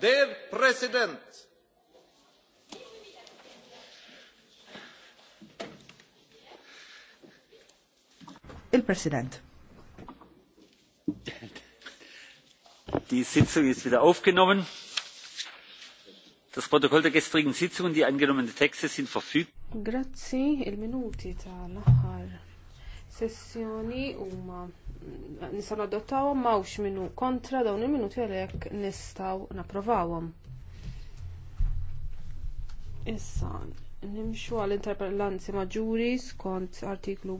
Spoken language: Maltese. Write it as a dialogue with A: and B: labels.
A: Dear President,
B: Il-President.
C: Die Sitzung ist wieder aufgenommen. Das Protokoll der gestrigen Sitzung und die angenommenen Texte sind verfügbar.
D: Grazie, il-minuti ta'
E: l sessjoni huma nistgħu nadottawhom m'hawnx minnu kontra dawn il-minuti għalhekk nistgħu napprovawhom. Issa nimxu għall interpellanzi maġuri skont
F: artiklu